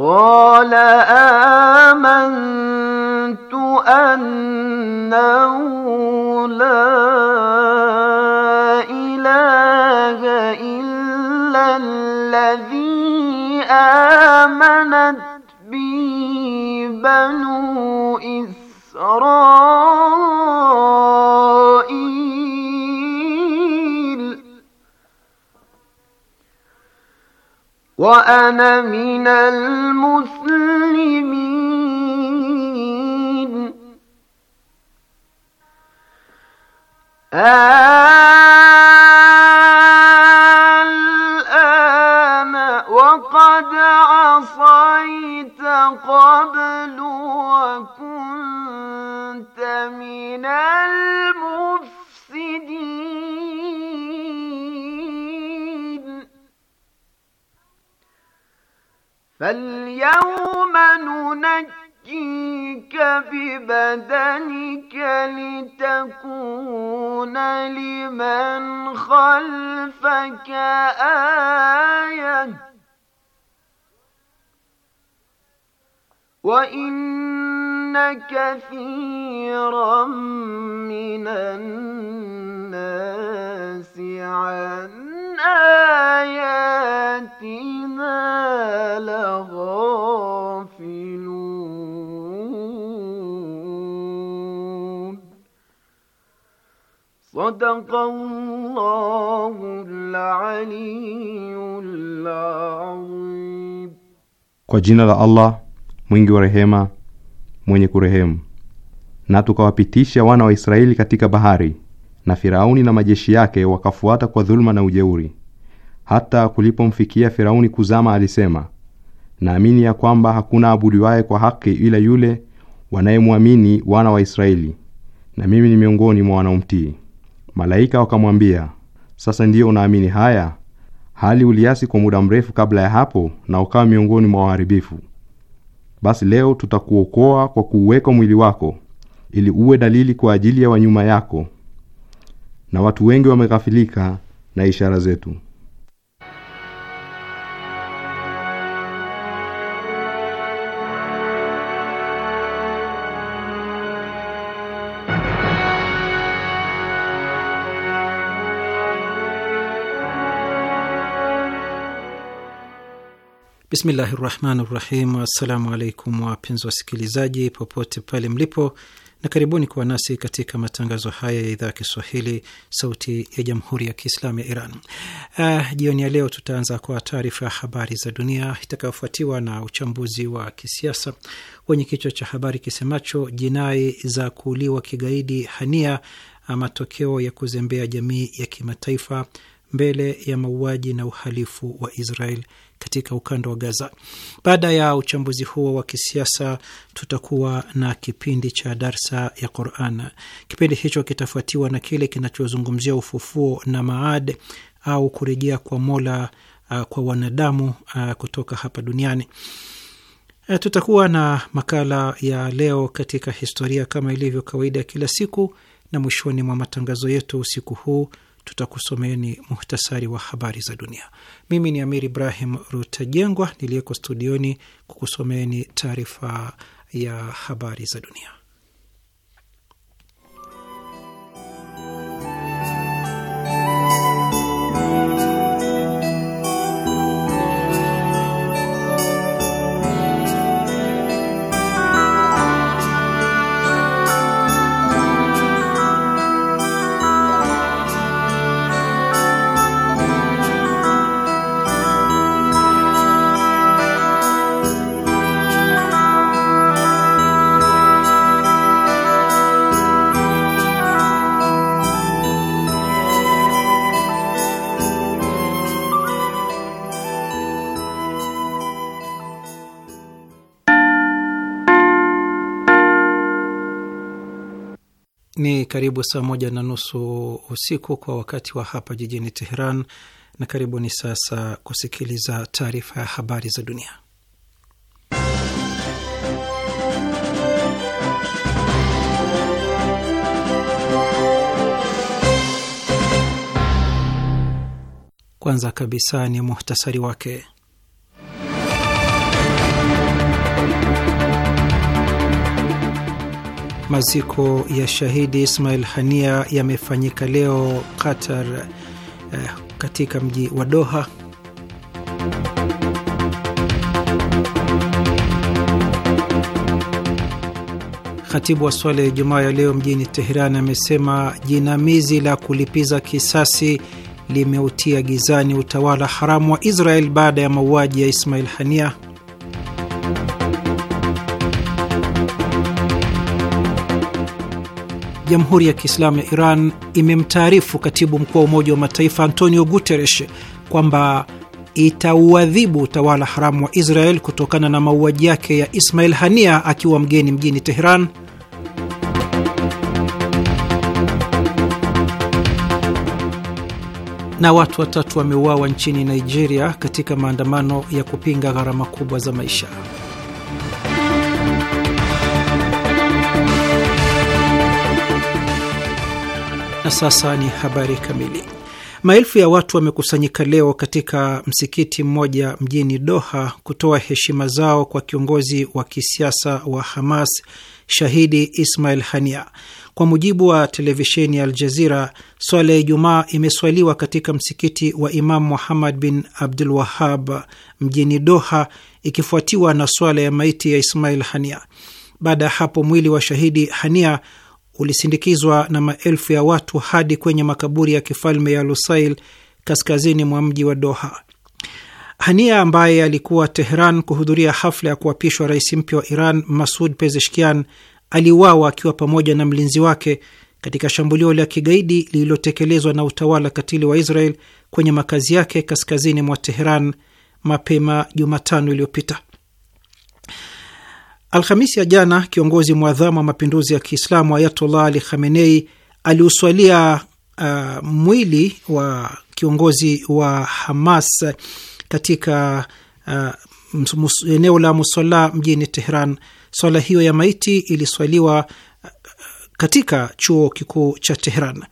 قال آمنت أنه لا إله إلا الذي آمنت به بنو وأنا من المسلمين آه بدنك لتكون لمن خلفك آية وإن كثيرا من الناس عن آياتنا لغافلون Kwa jina la Allah mwingi wa rehema mwenye kurehemu. Na tukawapitisha wana wa Israeli katika bahari, na Firauni na majeshi yake wakafuata kwa dhuluma na ujeuri, hata kulipomfikia Firauni kuzama, alisema, naamini ya kwamba hakuna abudiwaye kwa haki ila yule wanayemwamini wana wa Israeli, na mimi ni miongoni mwa wanaomtii. Malaika wakamwambia, sasa ndiyo unaamini haya, hali uliasi kwa muda mrefu kabla ya hapo, na ukawa miongoni mwa waharibifu. Basi leo tutakuokoa kwa kuuweka mwili wako, ili uwe dalili kwa ajili ya wanyuma yako, na watu wengi wameghafilika na ishara zetu. Bismillahi rahmani rahim. Assalamu alaikum wapenzi wasikilizaji popote pale mlipo, na karibuni kuwa nasi katika matangazo haya ya idhaa ya Kiswahili sauti ya jamhuri ya Kiislamu ya Iran. Uh, jioni ya leo tutaanza kwa taarifa ya habari za dunia itakayofuatiwa na uchambuzi wa kisiasa wenye kichwa cha habari kisemacho jinai za kuuliwa kigaidi Hania, matokeo ya kuzembea jamii ya kimataifa mbele ya mauaji na uhalifu wa Israel katika ukanda wa Gaza. Baada ya uchambuzi huo wa kisiasa, tutakuwa na kipindi cha darsa ya Quran. Kipindi hicho kitafuatiwa na kile kinachozungumzia ufufuo na maad au kurejea kwa Mola uh, kwa wanadamu uh, kutoka hapa duniani. Uh, tutakuwa na makala ya leo katika historia kama ilivyo kawaida ya kila siku, na mwishoni mwa matangazo yetu usiku huu tutakusomeni muhtasari wa habari za dunia. Mimi ni Amir Ibrahim Rutajengwa niliyeko studioni kukusomeni taarifa ya habari za dunia. karibu saa moja na nusu usiku kwa wakati wa hapa jijini Teheran, na karibuni sasa kusikiliza taarifa ya habari za dunia. Kwanza kabisa ni muhtasari wake. Maziko ya shahidi Ismail Hania yamefanyika leo Qatar, eh, katika mji wa Doha. Khatibu wa swala ya Ijumaa ya leo mjini Teheran amesema jinamizi la kulipiza kisasi limeutia gizani utawala haramu wa Israel baada ya mauaji ya Ismail Hania. Jamhuri ya Kiislamu ya Iran imemtaarifu katibu mkuu wa Umoja wa Mataifa Antonio Guterres kwamba itauadhibu utawala haramu wa Israel kutokana na mauaji yake ya Ismail Hania akiwa mgeni mjini Teheran. Na watu watatu wameuawa nchini Nigeria katika maandamano ya kupinga gharama kubwa za maisha. Na sasa ni habari kamili. Maelfu ya watu wamekusanyika leo katika msikiti mmoja mjini Doha kutoa heshima zao kwa kiongozi wa kisiasa wa Hamas, shahidi Ismail Hania. Kwa mujibu wa televisheni ya Aljazira, swala ya Ijumaa imeswaliwa katika msikiti wa Imam Muhammad bin Abdul Wahab mjini Doha, ikifuatiwa na swala ya maiti ya Ismail Hania. Baada ya hapo mwili wa shahidi Hania ulisindikizwa na maelfu ya watu hadi kwenye makaburi ya kifalme ya Lusail kaskazini mwa mji wa Doha. Hania ambaye alikuwa Tehran kuhudhuria hafla ya kuapishwa rais mpya wa Iran Masud Pezeshkian aliuawa akiwa pamoja na mlinzi wake katika shambulio la kigaidi lililotekelezwa na utawala katili wa Israel kwenye makazi yake kaskazini mwa Teheran mapema Jumatano iliyopita. Alhamisi ya jana, kiongozi mwadhamu wa mapinduzi ya Kiislamu Ayatollah Ali Khamenei aliuswalia uh, mwili wa kiongozi wa Hamas katika uh, eneo la musala mjini Tehran. Swala hiyo ya maiti iliswaliwa uh, katika chuo kikuu cha teheran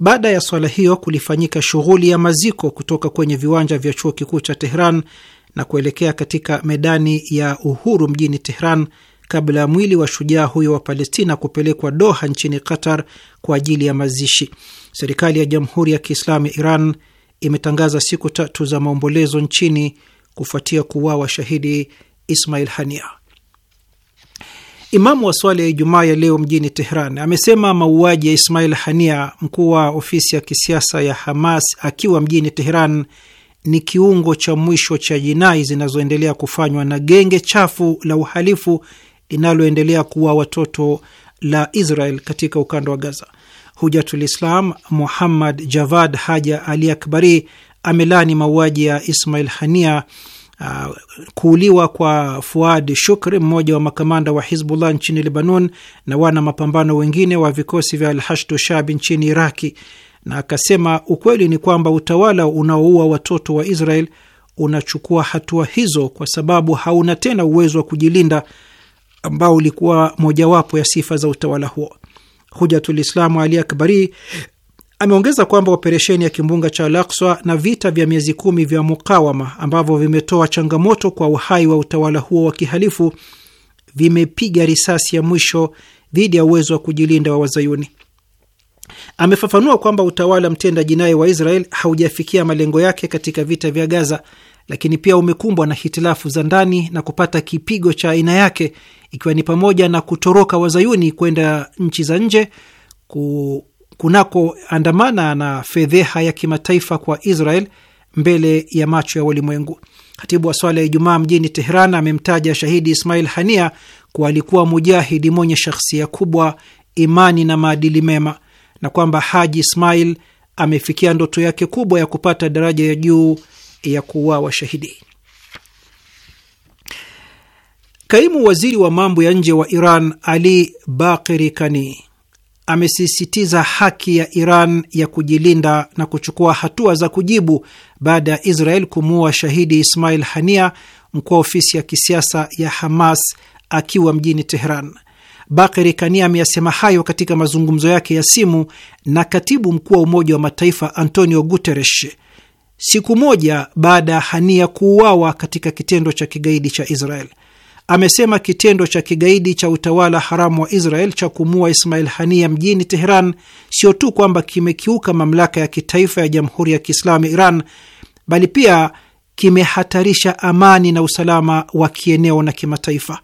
Baada ya swala hiyo, kulifanyika shughuli ya maziko kutoka kwenye viwanja vya chuo kikuu cha teheran na kuelekea katika medani ya Uhuru mjini Tehran kabla ya mwili wa shujaa huyo wa Palestina kupelekwa Doha nchini Qatar kwa ajili ya mazishi. Serikali ya Jamhuri ya Kiislamu ya Iran imetangaza siku tatu za maombolezo nchini kufuatia kuuawa shahidi Ismail Hania. Imamu wa swala ya Ijumaa ya leo mjini Tehran amesema mauaji ya Ismail Hania, mkuu wa ofisi ya kisiasa ya Hamas, akiwa mjini Tehran ni kiungo cha mwisho cha jinai zinazoendelea kufanywa na genge chafu la uhalifu linaloendelea kuwa watoto la Israel katika ukanda wa Gaza. Hujatul Islam Muhammad Javad Haja Ali Akbari amelani mauaji ya Ismail Hania, uh, kuuliwa kwa Fuad Shukri, mmoja wa makamanda wa Hizbullah nchini Lebanon, na wana mapambano wengine wa vikosi vya Alhashdu Shabi nchini Iraki na akasema ukweli ni kwamba utawala unaoua watoto wa Israel unachukua hatua hizo kwa sababu hauna tena uwezo wa kujilinda ambao ulikuwa mojawapo ya sifa za utawala huo. islamu Ali Akbari ameongeza kwamba operesheni ya kimbunga cha Al-Aqsa na vita vya miezi kumi vya mukawama ambavyo vimetoa changamoto kwa uhai wa utawala huo wa kihalifu vimepiga risasi ya mwisho dhidi ya uwezo wa kujilinda wa Wazayuni. Amefafanua kwamba utawala mtenda jinai wa Israel haujafikia malengo yake katika vita vya Gaza, lakini pia umekumbwa na hitilafu za ndani na kupata kipigo cha aina yake, ikiwa ni pamoja na kutoroka wazayuni kwenda nchi za nje kunakoandamana na fedheha ya kimataifa kwa Israel mbele ya macho ya walimwengu Katibu wa swala ya Ijumaa mjini Tehran amemtaja shahidi Ismail Hania kuwa alikuwa mujahidi mwenye shakhsia kubwa, imani na maadili mema na kwamba Haji Ismail amefikia ndoto yake kubwa ya kupata daraja ya juu ya kuuawa shahidi. Kaimu waziri wa mambo ya nje wa Iran Ali Bakiri Kani amesisitiza haki ya Iran ya kujilinda na kuchukua hatua za kujibu baada ya Israel kumuua shahidi Ismail Hania, mkuu wa ofisi ya kisiasa ya Hamas akiwa mjini Teheran. Bakeri kania ameyasema hayo katika mazungumzo yake ya simu na katibu mkuu wa Umoja wa Mataifa Antonio Guterres siku moja baada ya Hania kuuawa katika kitendo cha kigaidi cha Israel. Amesema kitendo cha kigaidi cha utawala haramu wa Israel cha kumua Ismail Hania mjini Teheran sio tu kwamba kimekiuka mamlaka ya kitaifa ya Jamhuri ya Kiislamu ya Iran, bali pia kimehatarisha amani na usalama wa kieneo na kimataifa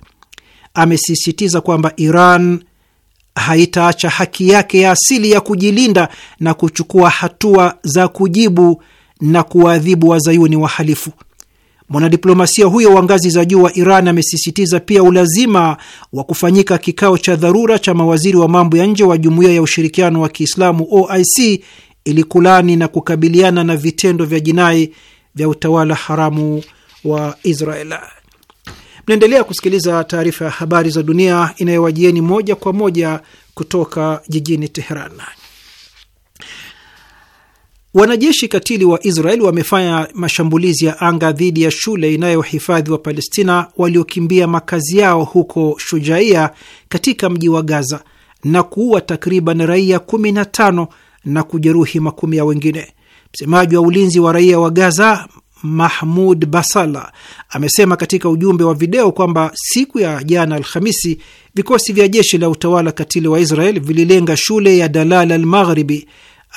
amesisitiza kwamba Iran haitaacha haki yake ya asili ya kujilinda na kuchukua hatua za kujibu na kuwaadhibu wazayuni wahalifu. Mwanadiplomasia huyo wa ngazi za juu wa Iran amesisitiza pia ulazima wa kufanyika kikao cha dharura cha mawaziri wa mambo ya nje wa Jumuiya ya Ushirikiano wa Kiislamu OIC ili kulani na kukabiliana na vitendo vya jinai vya utawala haramu wa Israel. Mnaendelea kusikiliza taarifa ya habari za dunia inayowajieni moja kwa moja kutoka jijini Teheran. Wanajeshi katili wa Israel wamefanya mashambulizi ya anga dhidi ya shule inayohifadhi wa Palestina waliokimbia makazi yao huko Shujaia katika mji wa Gaza na kuua takriban raia 15 na kujeruhi makumi ya wengine. Msemaji wa ulinzi wa raia wa Gaza Mahmud Basala amesema katika ujumbe wa video kwamba siku ya jana Alhamisi, vikosi vya jeshi la utawala katili wa Israel vililenga shule ya Dalal al Maghribi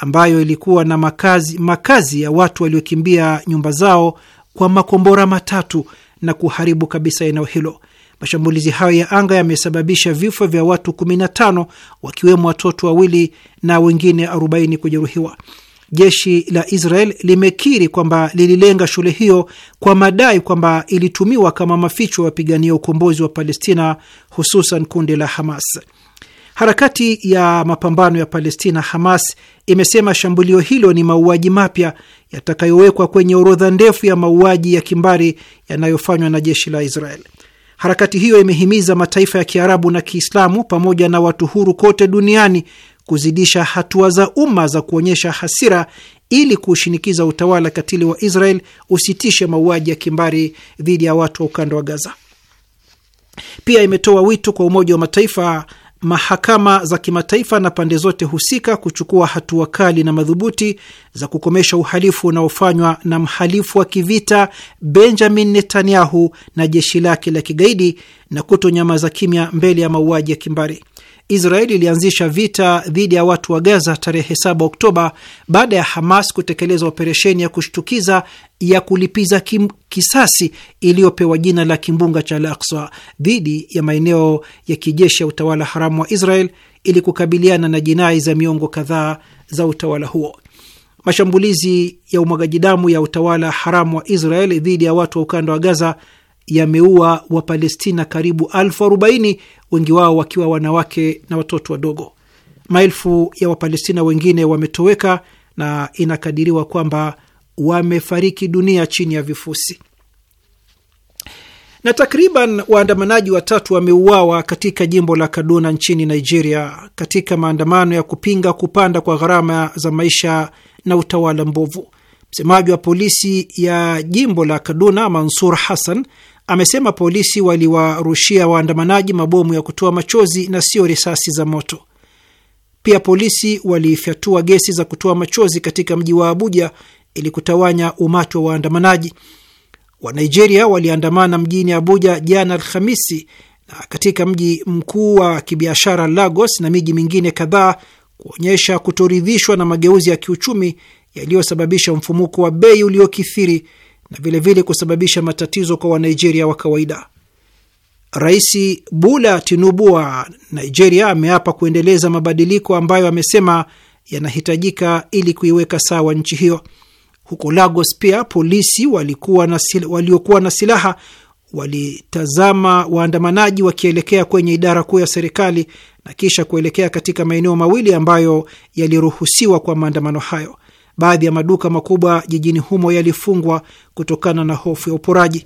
ambayo ilikuwa na makazi, makazi ya watu waliokimbia nyumba zao kwa makombora matatu na kuharibu kabisa eneo hilo. Mashambulizi hayo ya anga yamesababisha vifo vya watu 15 wakiwemo watoto wawili na wengine 40 kujeruhiwa jeshi la Israel limekiri kwamba lililenga shule hiyo kwa madai kwamba ilitumiwa kama maficho ya wapigania ukombozi wa Palestina, hususan kundi la Hamas. Harakati ya mapambano ya Palestina, Hamas, imesema shambulio hilo ni mauaji mapya yatakayowekwa kwenye orodha ndefu ya mauaji ya kimbari yanayofanywa na jeshi la Israel. Harakati hiyo imehimiza mataifa ya Kiarabu na Kiislamu pamoja na watu huru kote duniani kuzidisha hatua za umma za kuonyesha hasira ili kushinikiza utawala katili wa Israel usitishe mauaji ya kimbari dhidi ya watu wa ukanda wa Gaza. Pia imetoa wito kwa Umoja wa Mataifa, mahakama za kimataifa na pande zote husika kuchukua hatua kali na madhubuti za kukomesha uhalifu unaofanywa na mhalifu wa kivita Benjamin Netanyahu na jeshi lake la kigaidi na kutonyamaza kimya mbele ya mauaji ya kimbari. Israeli ilianzisha vita dhidi ya watu wa Gaza tarehe 7 Oktoba baada ya Hamas kutekeleza operesheni ya kushtukiza ya kulipiza kim, kisasi iliyopewa jina la kimbunga cha Al-Aqsa dhidi ya maeneo ya kijeshi ya utawala haramu wa Israel ili kukabiliana na jinai za miongo kadhaa za utawala huo. Mashambulizi ya umwagaji damu ya utawala haramu wa Israel dhidi ya watu wa ukanda wa Gaza yameua Wapalestina karibu elfu arobaini, wengi wao wakiwa wanawake na watoto wadogo. Maelfu ya Wapalestina wengine wametoweka na inakadiriwa kwamba wamefariki dunia chini ya vifusi na takriban waandamanaji watatu wameuawa katika jimbo la Kaduna nchini Nigeria katika maandamano ya kupinga kupanda kwa gharama za maisha na utawala mbovu. Msemaji wa polisi ya jimbo la Kaduna, Mansur Hassan, amesema polisi waliwarushia waandamanaji mabomu ya kutoa machozi na sio risasi za moto. Pia polisi walifyatua gesi za kutoa machozi katika mji wa Abuja ili kutawanya umati wa waandamanaji. Wanigeria waliandamana mjini Abuja jana Alhamisi na katika mji mkuu wa kibiashara Lagos na miji mingine kadhaa kuonyesha kutoridhishwa na mageuzi ya kiuchumi yaliyosababisha mfumuko wa bei uliokithiri na vilevile kusababisha matatizo kwa Wanigeria wa kawaida. Rais bula Tinubu wa Nigeria ameapa kuendeleza mabadiliko ambayo amesema yanahitajika ili kuiweka sawa nchi hiyo. Huko Lagos pia polisi waliokuwa na silaha walitazama waandamanaji wakielekea kwenye idara kuu ya serikali na kisha kuelekea katika maeneo mawili ambayo yaliruhusiwa kwa maandamano hayo. Baadhi ya maduka makubwa jijini humo yalifungwa kutokana na hofu ya uporaji.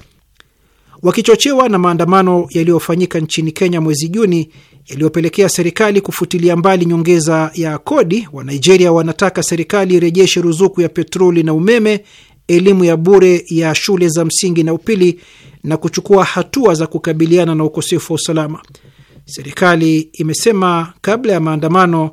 Wakichochewa na maandamano yaliyofanyika nchini Kenya mwezi Juni yaliyopelekea serikali kufutilia mbali nyongeza ya kodi, wa Nigeria wanataka serikali irejeshe ruzuku ya petroli na umeme, elimu ya bure ya shule za msingi na upili, na kuchukua hatua za kukabiliana na ukosefu wa usalama. Serikali imesema kabla ya maandamano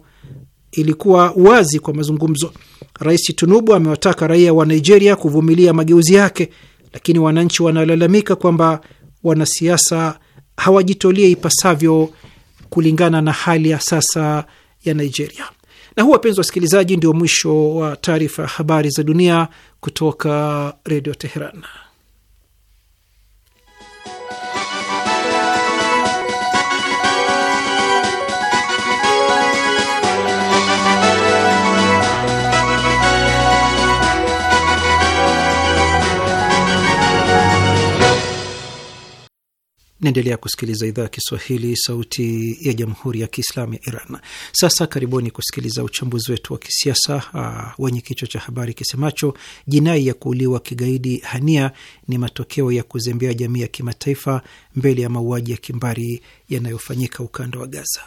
ilikuwa wazi kwa mazungumzo. Rais Tinubu amewataka raia wa Nigeria kuvumilia mageuzi yake, lakini wananchi wanalalamika kwamba wanasiasa hawajitolie ipasavyo kulingana na hali ya sasa ya Nigeria. Na huu, wapenzi wasikilizaji, ndio mwisho wa taarifa ya habari za dunia kutoka Redio Teheran. Naendelea kusikiliza idhaa ya Kiswahili, sauti ya jamhuri ya kiislamu ya Iran. Sasa karibuni kusikiliza uchambuzi wetu wa kisiasa uh, wenye kichwa cha habari kisemacho jinai ya kuuliwa kigaidi Hania ni matokeo ya kuzembea jamii ya kimataifa mbele ya mauaji ya kimbari yanayofanyika ukanda wa Gaza.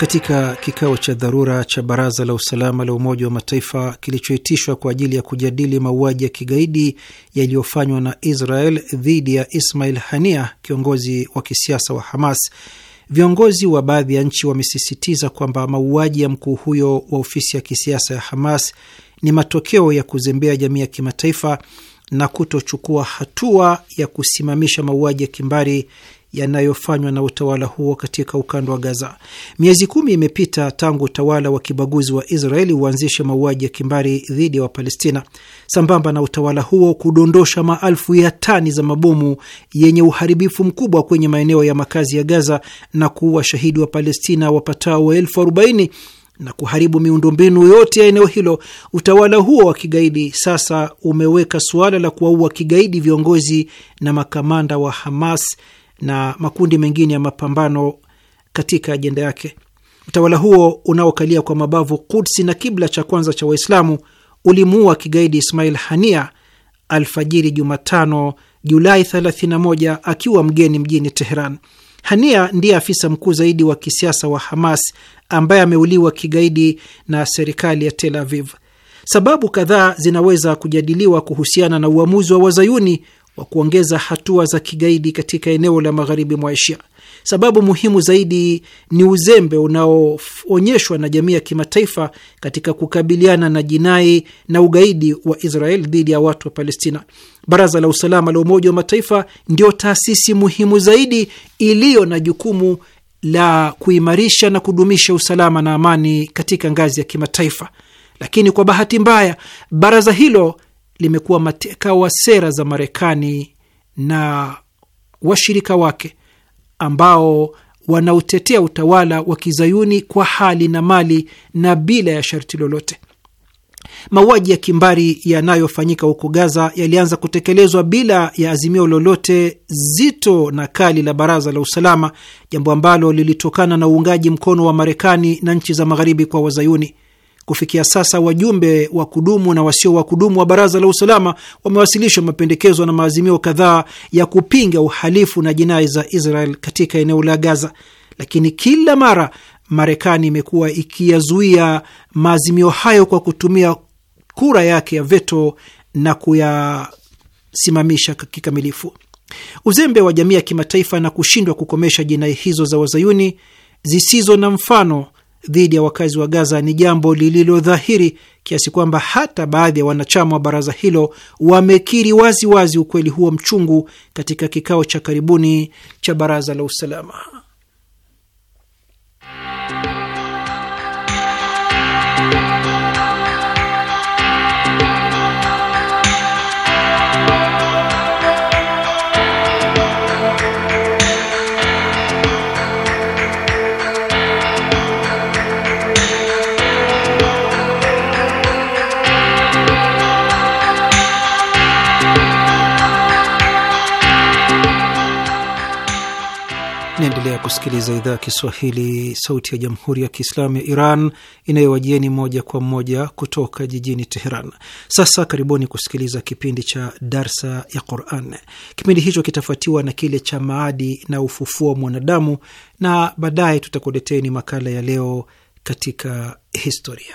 Katika kikao cha dharura cha Baraza la Usalama la Umoja wa Mataifa kilichoitishwa kwa ajili ya kujadili mauaji ya kigaidi yaliyofanywa na Israel dhidi ya Ismail Hania, kiongozi wa kisiasa wa Hamas, viongozi wa baadhi ya nchi wamesisitiza kwamba mauaji ya mkuu huyo wa ofisi ya kisiasa ya Hamas ni matokeo ya kuzembea jamii ya kimataifa na kutochukua hatua ya kusimamisha mauaji ya kimbari yanayofanywa na utawala huo katika ukanda wa Gaza. Miezi kumi imepita tangu utawala wa kibaguzi wa Israeli uanzishe mauaji ya kimbari dhidi ya Wapalestina, sambamba na utawala huo kudondosha maelfu ya tani za mabomu yenye uharibifu mkubwa kwenye maeneo ya makazi ya Gaza na kuua shahidi wa Palestina wapatao elfu arobaini na kuharibu miundombinu yote ya eneo hilo. Utawala huo wa kigaidi sasa umeweka suala la kuwaua kigaidi viongozi na makamanda wa Hamas na makundi mengine ya mapambano katika ajenda yake. Utawala huo unaokalia kwa mabavu Kudsi na kibla cha kwanza cha Waislamu ulimuua kigaidi Ismail Hania alfajiri Jumatano, Julai 31 akiwa mgeni mjini Teheran. Hania ndiye afisa mkuu zaidi wa kisiasa wa Hamas ambaye ameuliwa kigaidi na serikali ya Tel Aviv. Sababu kadhaa zinaweza kujadiliwa kuhusiana na uamuzi wa wazayuni wa kuongeza hatua za kigaidi katika eneo la magharibi mwa Asia. Sababu muhimu zaidi ni uzembe unaoonyeshwa na jamii ya kimataifa katika kukabiliana na jinai na ugaidi wa Israel dhidi ya watu wa Palestina. Baraza la Usalama la Umoja wa Mataifa ndio taasisi muhimu zaidi iliyo na jukumu la kuimarisha na kudumisha usalama na amani katika ngazi ya kimataifa, lakini kwa bahati mbaya baraza hilo limekuwa mateka wa sera za Marekani na washirika wake ambao wanaotetea utawala wa kizayuni kwa hali na mali na bila ya sharti lolote. Mauaji ya kimbari yanayofanyika huko Gaza yalianza kutekelezwa bila ya azimio lolote zito na kali la Baraza la Usalama, jambo ambalo lilitokana na uungaji mkono wa Marekani na nchi za Magharibi kwa Wazayuni. Kufikia sasa wajumbe wa kudumu na wasio wa kudumu wa Baraza la Usalama wamewasilisha mapendekezo na maazimio kadhaa ya kupinga uhalifu na jinai za Israel katika eneo la Gaza, lakini kila mara Marekani imekuwa ikiyazuia maazimio hayo kwa kutumia kura yake ya veto na kuyasimamisha kikamilifu. Uzembe wa jamii ya kimataifa na kushindwa kukomesha jinai hizo za wazayuni zisizo na mfano dhidi ya wakazi wa Gaza ni jambo lililodhahiri kiasi kwamba hata baadhi ya wanachama wa baraza hilo wamekiri waziwazi wazi ukweli huo mchungu katika kikao cha karibuni cha baraza la usalama. Naendelea kusikiliza idhaa ya Kiswahili, sauti ya jamhuri ya kiislamu ya Iran inayowajieni moja kwa moja kutoka jijini Teheran. Sasa karibuni kusikiliza kipindi cha darsa ya Quran. Kipindi hicho kitafuatiwa na kile cha maadi na ufufuo wa mwanadamu, na baadaye tutakuleteni makala ya leo katika historia.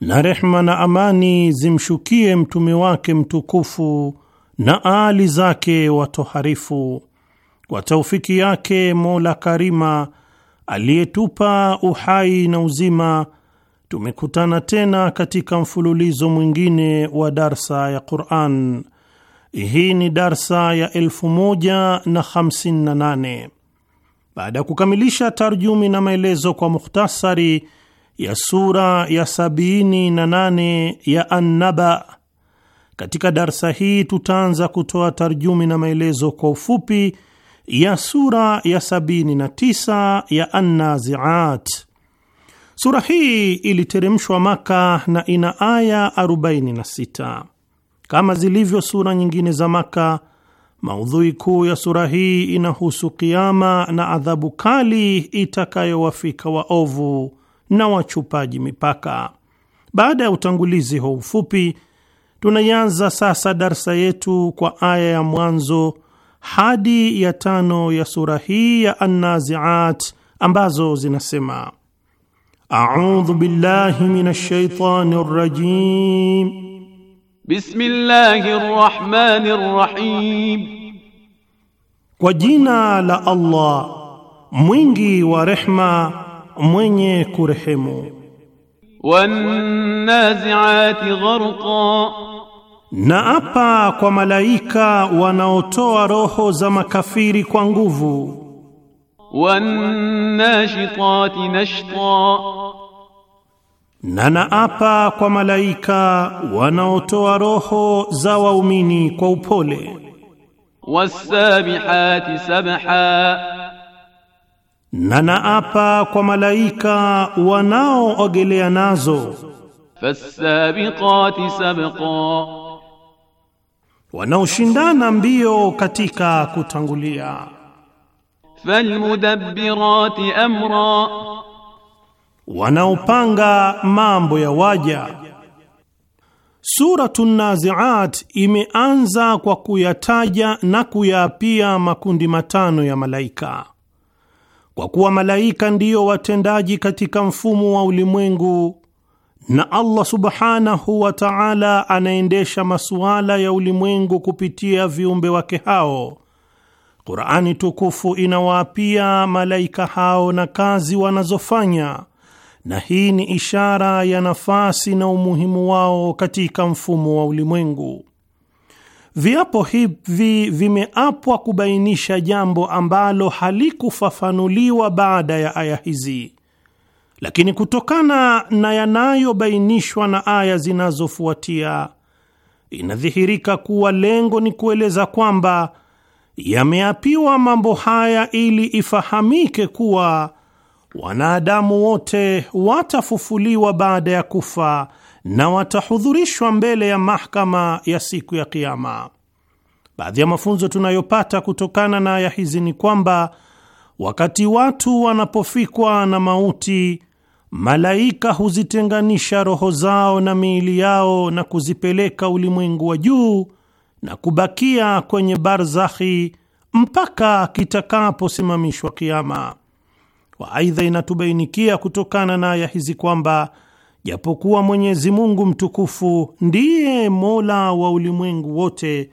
na rehma na amani zimshukie mtume wake mtukufu na aali zake watoharifu. Kwa taufiki yake Mola Karima aliyetupa uhai na uzima, tumekutana tena katika mfululizo mwingine wa darsa ya Quran. Hii ni darsa ya 1158 na na baada ya kukamilisha tarjumi na maelezo kwa mukhtasari ya sura ya sabini na nane ya Annaba. Katika darsa hii tutaanza kutoa tarjumi na maelezo kwa ufupi ya sura ya sabini na tisa ya Annaziat. Sura hii iliteremshwa Maka na ina aya 46 kama zilivyo sura nyingine za Maka. Maudhui kuu ya sura hii inahusu kiama na adhabu kali itakayowafika waovu na wachupaji mipaka. Baada ya utangulizi huu mfupi, tunaianza sasa darsa yetu kwa aya ya mwanzo hadi ya tano ya sura hii ya Annaziat ambazo zinasema: audhu billahi minash rajim, bismillahir rahmanir rahim, kwa jina la Allah mwingi wa rehma mwenye kurehemu. Wannaziati gharqa, na apa kwa malaika wanaotoa roho za makafiri kwa nguvu. Wannashitati nashta, na naapa kwa malaika wanaotoa roho za waumini kwa upole. Wassabihati sabha na naapa kwa malaika wanaoogelea nazo, fasabiqati sabqa, wanaoshindana mbio katika kutangulia, falmudabbirati amra, wanaopanga mambo ya waja. Suratu Naziat imeanza kwa kuyataja na kuyaapia makundi matano ya malaika kwa kuwa malaika ndiyo watendaji katika mfumo wa ulimwengu na Allah subhanahu wa ta'ala anaendesha masuala ya ulimwengu kupitia viumbe wake hao. Qur'ani tukufu inawaapia malaika hao na kazi wanazofanya, na hii ni ishara ya nafasi na umuhimu wao katika mfumo wa ulimwengu. Viapo hivi vimeapwa kubainisha jambo ambalo halikufafanuliwa baada ya aya hizi, lakini kutokana na yanayobainishwa na aya zinazofuatia inadhihirika kuwa lengo ni kueleza kwamba yameapiwa mambo haya ili ifahamike kuwa wanadamu wote watafufuliwa baada ya kufa na watahudhurishwa mbele ya mahakama ya siku ya Kiama. Baadhi ya mafunzo tunayopata kutokana na aya hizi ni kwamba wakati watu wanapofikwa na mauti, malaika huzitenganisha roho zao na miili yao na kuzipeleka ulimwengu wa juu na kubakia kwenye barzakhi mpaka kitakaposimamishwa kiama. Waaidha, inatubainikia kutokana na aya hizi kwamba japokuwa Mwenyezi Mungu mtukufu ndiye Mola wa ulimwengu wote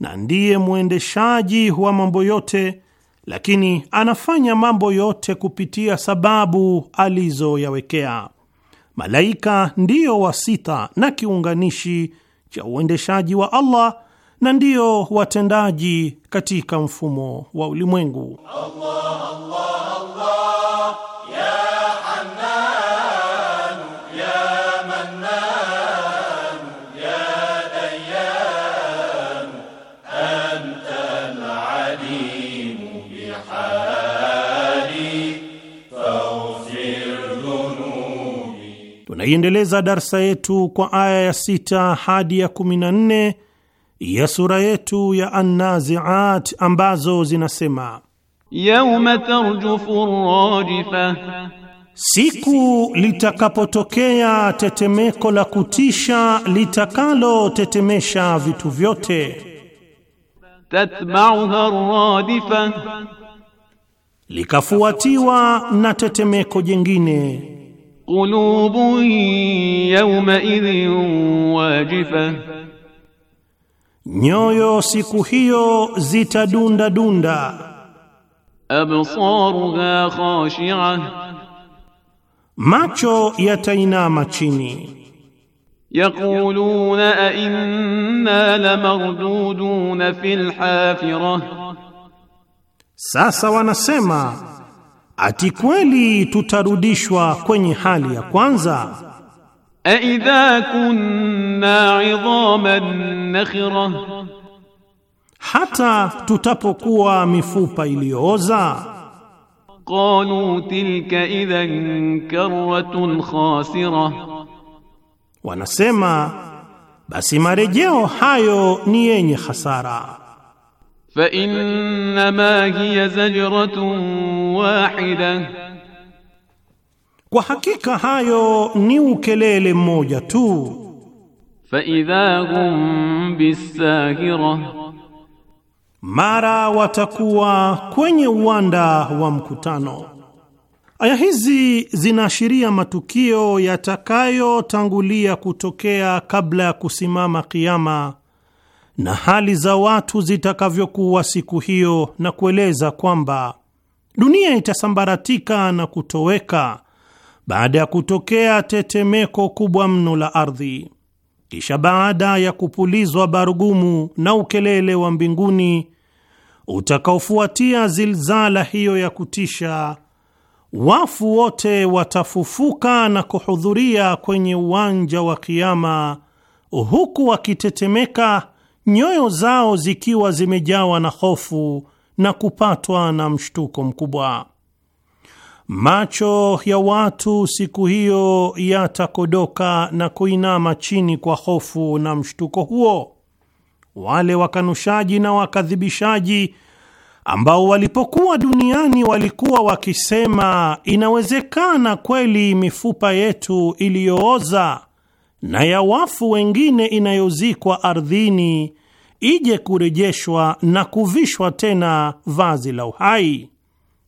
na ndiye mwendeshaji wa mambo yote, lakini anafanya mambo yote kupitia sababu alizoyawekea. Malaika ndiyo wasita na kiunganishi cha uendeshaji wa Allah na ndiyo watendaji katika mfumo wa ulimwengu Allah, Allah, Allah. Tunaiendeleza darsa yetu kwa aya ya sita hadi ya kumi na nne ya sura yetu ya Annaziat ambazo zinasema: Yauma tarjufu rajifa, siku litakapotokea tetemeko la kutisha litakalotetemesha vitu vyote. Tatbauha likafuatiwa na tetemeko jengine Qulubun yawmaidhin wajifa, nyoyo siku hiyo zitadunda dunda. Absaruha khashi'a, macho yatainama chini. Yaquluna a inna lamarduduna fil hafira, sasa wanasema Ati kweli tutarudishwa kwenye hali ya kwanza? idha kunna idhaman nakhira, hata tutapokuwa mifupa iliyooza. Qalu tilka idhan karratun khasira, wanasema basi marejeo hayo ni yenye hasara fainma hiya zajratun wahida, kwa hakika hayo ni ukelele mmoja tu. Faidha hum bisahira, mara watakuwa kwenye uwanda wa mkutano. Aya hizi zinaashiria matukio yatakayotangulia kutokea kabla ya kusimama kiama na hali za watu zitakavyokuwa siku hiyo, na kueleza kwamba dunia itasambaratika na kutoweka baada ya kutokea tetemeko kubwa mno la ardhi, kisha baada ya kupulizwa barugumu na ukelele wa mbinguni utakaofuatia zilzala hiyo ya kutisha, wafu wote watafufuka na kuhudhuria kwenye uwanja wa Kiama, huku wakitetemeka nyoyo zao zikiwa zimejawa na hofu na kupatwa na mshtuko mkubwa. Macho ya watu siku hiyo yatakodoka na kuinama chini kwa hofu na mshtuko huo. Wale wakanushaji na wakadhibishaji ambao walipokuwa duniani walikuwa wakisema inawezekana kweli mifupa yetu iliyooza na ya wafu wengine inayozikwa ardhini ije kurejeshwa na kuvishwa tena vazi la uhai.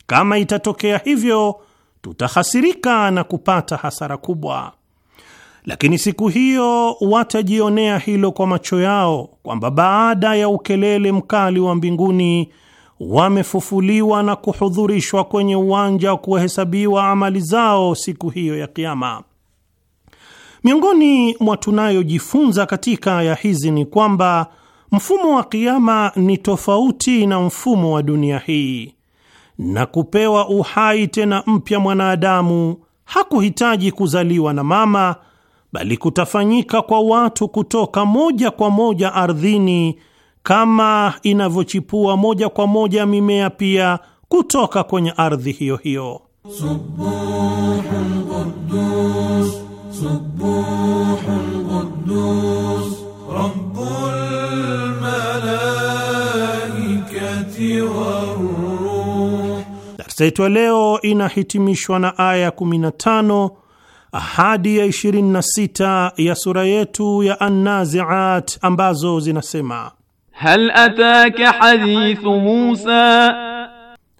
Kama itatokea hivyo, tutahasirika na kupata hasara kubwa. Lakini siku hiyo watajionea hilo kwa macho yao, kwamba baada ya ukelele mkali wa mbinguni wamefufuliwa na kuhudhurishwa kwenye uwanja wa kuhesabiwa amali zao siku hiyo ya Kiama. Miongoni mwa tunayojifunza katika aya hizi ni kwamba mfumo wa kiama ni tofauti na mfumo wa dunia hii, na kupewa uhai tena mpya mwanadamu hakuhitaji kuzaliwa na mama, bali kutafanyika kwa watu kutoka moja kwa moja ardhini, kama inavyochipua moja kwa moja mimea pia kutoka kwenye ardhi hiyo hiyo. Darsa yetu ya leo inahitimishwa na aya 15 hadi ya 26 ya sura yetu ya annaziat ambazo zinasema Hal ataka hadithu Musa,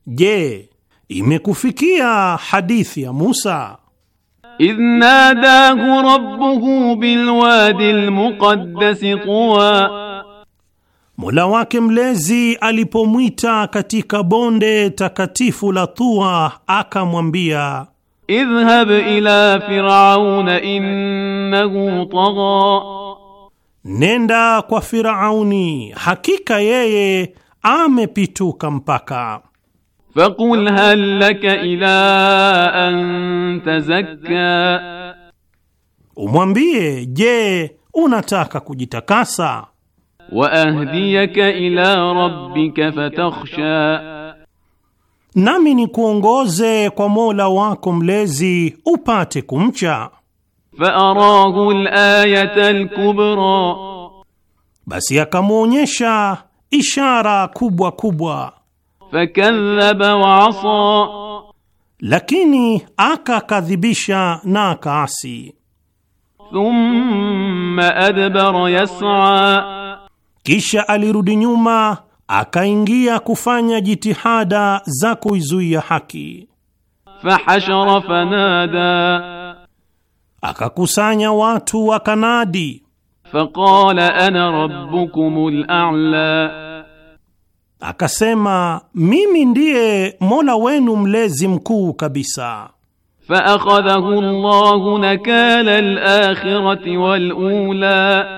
Je, imekufikia hadithi ya Musa? إذ ناداه ربه بالواد المقدس طوى Mola wake mlezi alipomwita katika bonde takatifu la tua akamwambia, idhhab ila firauna innahu tagha, nenda kwa Firauni, hakika yeye amepituka mpaka. Fakul hal laka ila an tazakka, umwambie je, unataka kujitakasa. Wa ahdiyaka ila rabbika fatakhsha, nami nikuongoze kwa Mola wako mlezi upate kumcha. Fa arahu alayata alkubra, basi akamwonyesha ishara kubwa kubwa فكذب وعصى lakini akakadhibisha na akaasi thumma adbara yas'a kisha alirudi nyuma akaingia kufanya jitihada za kuizuia haki fahashara fanada akakusanya watu wakanadi faqala ana rabbukumul a'la Akasema, mimi ndiye Mola wenu mlezi mkuu kabisa. Faakhadhahu Allahu nakala al-akhirati wal-ula,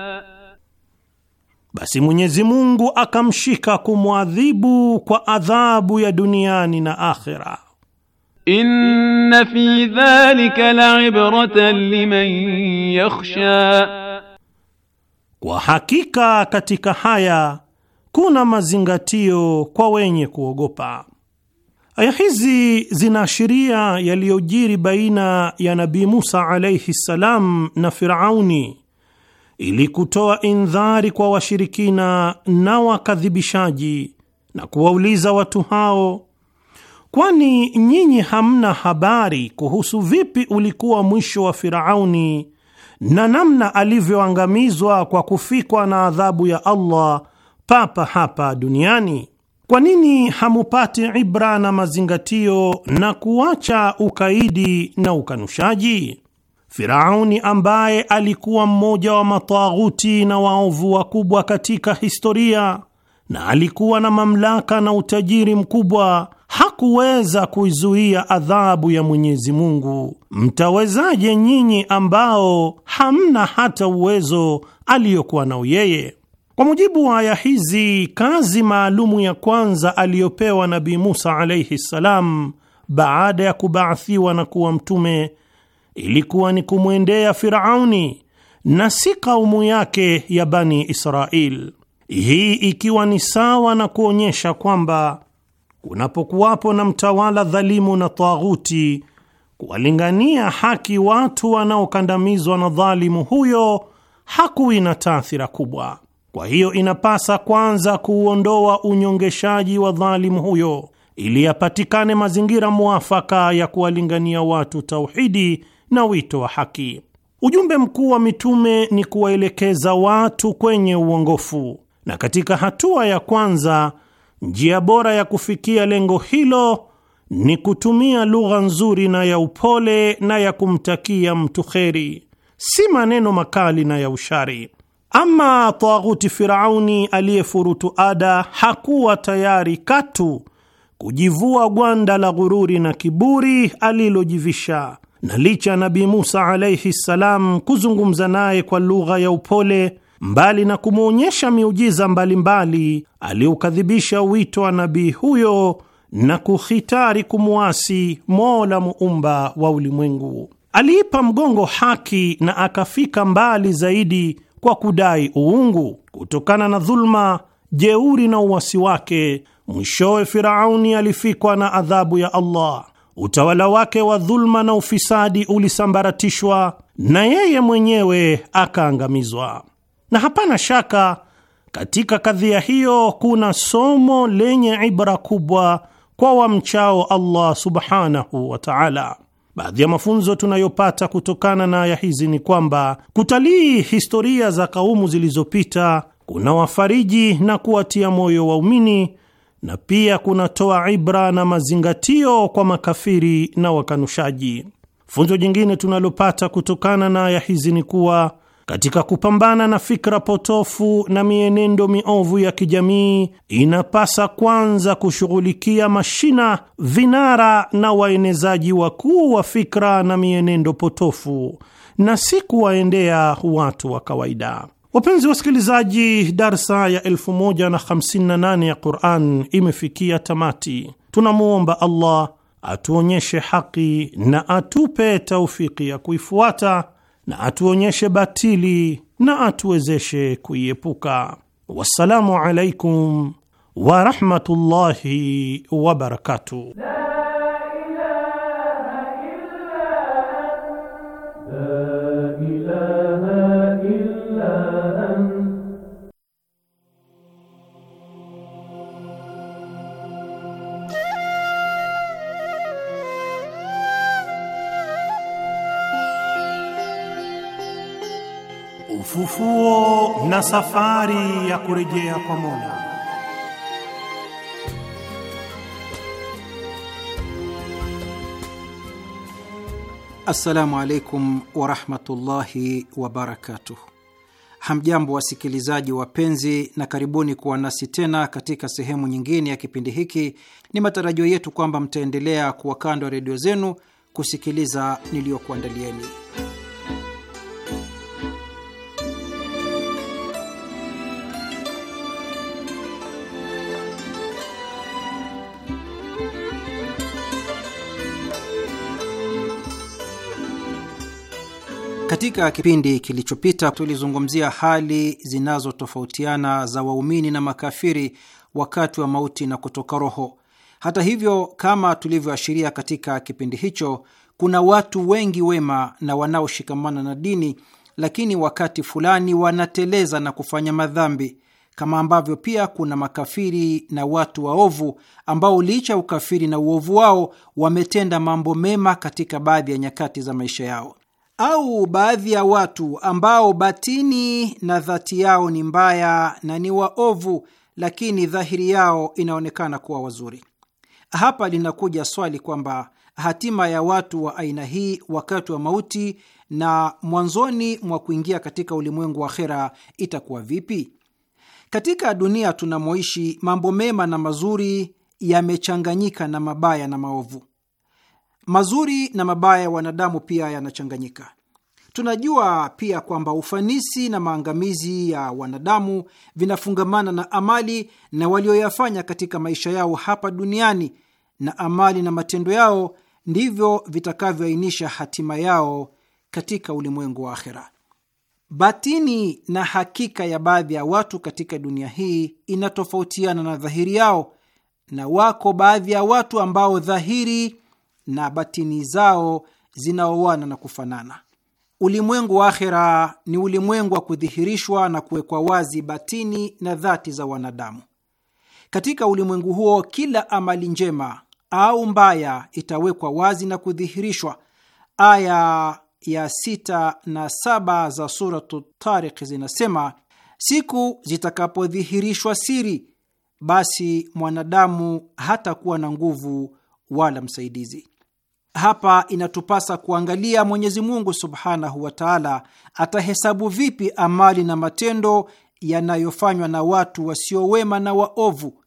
basi Mwenyezi Mungu akamshika kumwadhibu kwa adhabu ya duniani na akhira. Inna fi dhalika la'ibratan liman yakhsha, kwa hakika katika haya kuna mazingatio kwa wenye kuogopa. Aya hizi zinaashiria yaliyojiri baina ya Nabii Musa alaihi ssalam na Firauni ili kutoa indhari kwa washirikina na wakadhibishaji na kuwauliza watu hao, kwani nyinyi hamna habari kuhusu vipi ulikuwa mwisho wa Firauni na namna alivyoangamizwa kwa kufikwa na adhabu ya Allah papa hapa duniani? Kwa nini hamupati ibra na mazingatio na kuacha ukaidi na ukanushaji? Firauni ambaye alikuwa mmoja wa mataghuti na waovu wakubwa katika historia na alikuwa na mamlaka na utajiri mkubwa, hakuweza kuizuia adhabu ya Mwenyezi Mungu. Mtawezaje nyinyi ambao hamna hata uwezo aliyokuwa nao yeye? Kwa mujibu wa aya hizi, kazi maalumu ya kwanza aliyopewa Nabii Musa alaihi ssalam baada ya kubaathiwa na kuwa mtume ilikuwa ni kumwendea Firauni na si kaumu yake ya Bani Israil, hii ikiwa ni sawa na kuonyesha kwamba kunapokuwapo na mtawala dhalimu na taghuti, kuwalingania haki watu wanaokandamizwa na dhalimu huyo hakuwi na taathira kubwa kwa hiyo inapasa kwanza kuuondoa unyongeshaji wa dhalimu huyo ili yapatikane mazingira mwafaka ya kuwalingania watu tauhidi na wito wa haki. Ujumbe mkuu wa mitume ni kuwaelekeza watu kwenye uongofu, na katika hatua ya kwanza, njia bora ya kufikia lengo hilo ni kutumia lugha nzuri na ya upole na ya kumtakia mtu kheri, si maneno makali na ya ushari. Ama taghuti Firauni aliyefurutu ada hakuwa tayari katu kujivua gwanda la ghururi na kiburi alilojivisha, na licha ya Nabii Musa alaihi ssalam kuzungumza naye kwa lugha ya upole, mbali na kumwonyesha miujiza mbalimbali, aliukadhibisha wito wa nabii huyo na kuhitari kumwasi Mola muumba wa ulimwengu. Aliipa mgongo haki na akafika mbali zaidi kwa kudai uungu kutokana na dhuluma, jeuri na uwasi wake. Mwishowe Firauni alifikwa na adhabu ya Allah. Utawala wake wa dhuluma na ufisadi ulisambaratishwa na yeye mwenyewe akaangamizwa. Na hapana shaka katika kadhia hiyo kuna somo lenye ibra kubwa kwa wamchao Allah subhanahu wa ta'ala. Baadhi ya mafunzo tunayopata kutokana na aya hizi ni kwamba kutalii historia za kaumu zilizopita kuna wafariji na kuwatia moyo waumini na pia kunatoa ibra na mazingatio kwa makafiri na wakanushaji. Funzo jingine tunalopata kutokana na aya hizi ni kuwa katika kupambana na fikra potofu na mienendo miovu ya kijamii, inapasa kwanza kushughulikia mashina, vinara na waenezaji wakuu wa fikra na mienendo potofu na si kuwaendea watu wa kawaida. Wapenzi wasikilizaji, darsa ya 1058 ya Quran imefikia tamati. Tunamwomba Allah atuonyeshe haki na atupe taufiki ya kuifuata na atuonyeshe batili na atuwezeshe kuiepuka. Wassalamu alaikum warahmatullahi wabarakatuh. Ufufuo na safari ya kurejea kwa Mola. Assalamu alaikum warahmatullahi wabarakatuh. Hamjambo wasikilizaji wapenzi, na karibuni kuwa nasi tena katika sehemu nyingine ya kipindi hiki. Ni matarajio yetu kwamba mtaendelea kuwa kando ya redio zenu kusikiliza niliyokuandalieni. Katika kipindi kilichopita tulizungumzia hali zinazotofautiana za waumini na makafiri wakati wa mauti na kutoka roho. Hata hivyo, kama tulivyoashiria katika kipindi hicho, kuna watu wengi wema na wanaoshikamana na dini, lakini wakati fulani wanateleza na kufanya madhambi, kama ambavyo pia kuna makafiri na watu waovu ambao licha ya ukafiri na uovu wao wametenda mambo mema katika baadhi ya nyakati za maisha yao au baadhi ya watu ambao batini na dhati yao ni mbaya na ni waovu, lakini dhahiri yao inaonekana kuwa wazuri. Hapa linakuja swali kwamba hatima ya watu wa aina hii wakati wa mauti na mwanzoni mwa kuingia katika ulimwengu wa akhera itakuwa vipi? Katika dunia tunamoishi, mambo mema na mazuri yamechanganyika na mabaya na maovu. Mazuri na mabaya ya wanadamu pia yanachanganyika. Tunajua pia kwamba ufanisi na maangamizi ya wanadamu vinafungamana na amali na walioyafanya katika maisha yao hapa duniani, na amali na matendo yao ndivyo vitakavyoainisha hatima yao katika ulimwengu wa akhera. Batini na hakika ya baadhi ya watu katika dunia hii inatofautiana na dhahiri yao, na wako baadhi ya watu ambao dhahiri na batini zao zinaoana na kufanana. Ulimwengu wa akhera ni ulimwengu wa kudhihirishwa na kuwekwa wazi batini na dhati za wanadamu. Katika ulimwengu huo, kila amali njema au mbaya itawekwa wazi na kudhihirishwa. Aya ya sita na saba za Suratu Tariq zinasema, siku zitakapodhihirishwa siri, basi mwanadamu hatakuwa na nguvu wala msaidizi. Hapa inatupasa kuangalia Mwenyezi Mungu subhanahu wa taala atahesabu vipi amali na matendo yanayofanywa na watu wasiowema na waovu,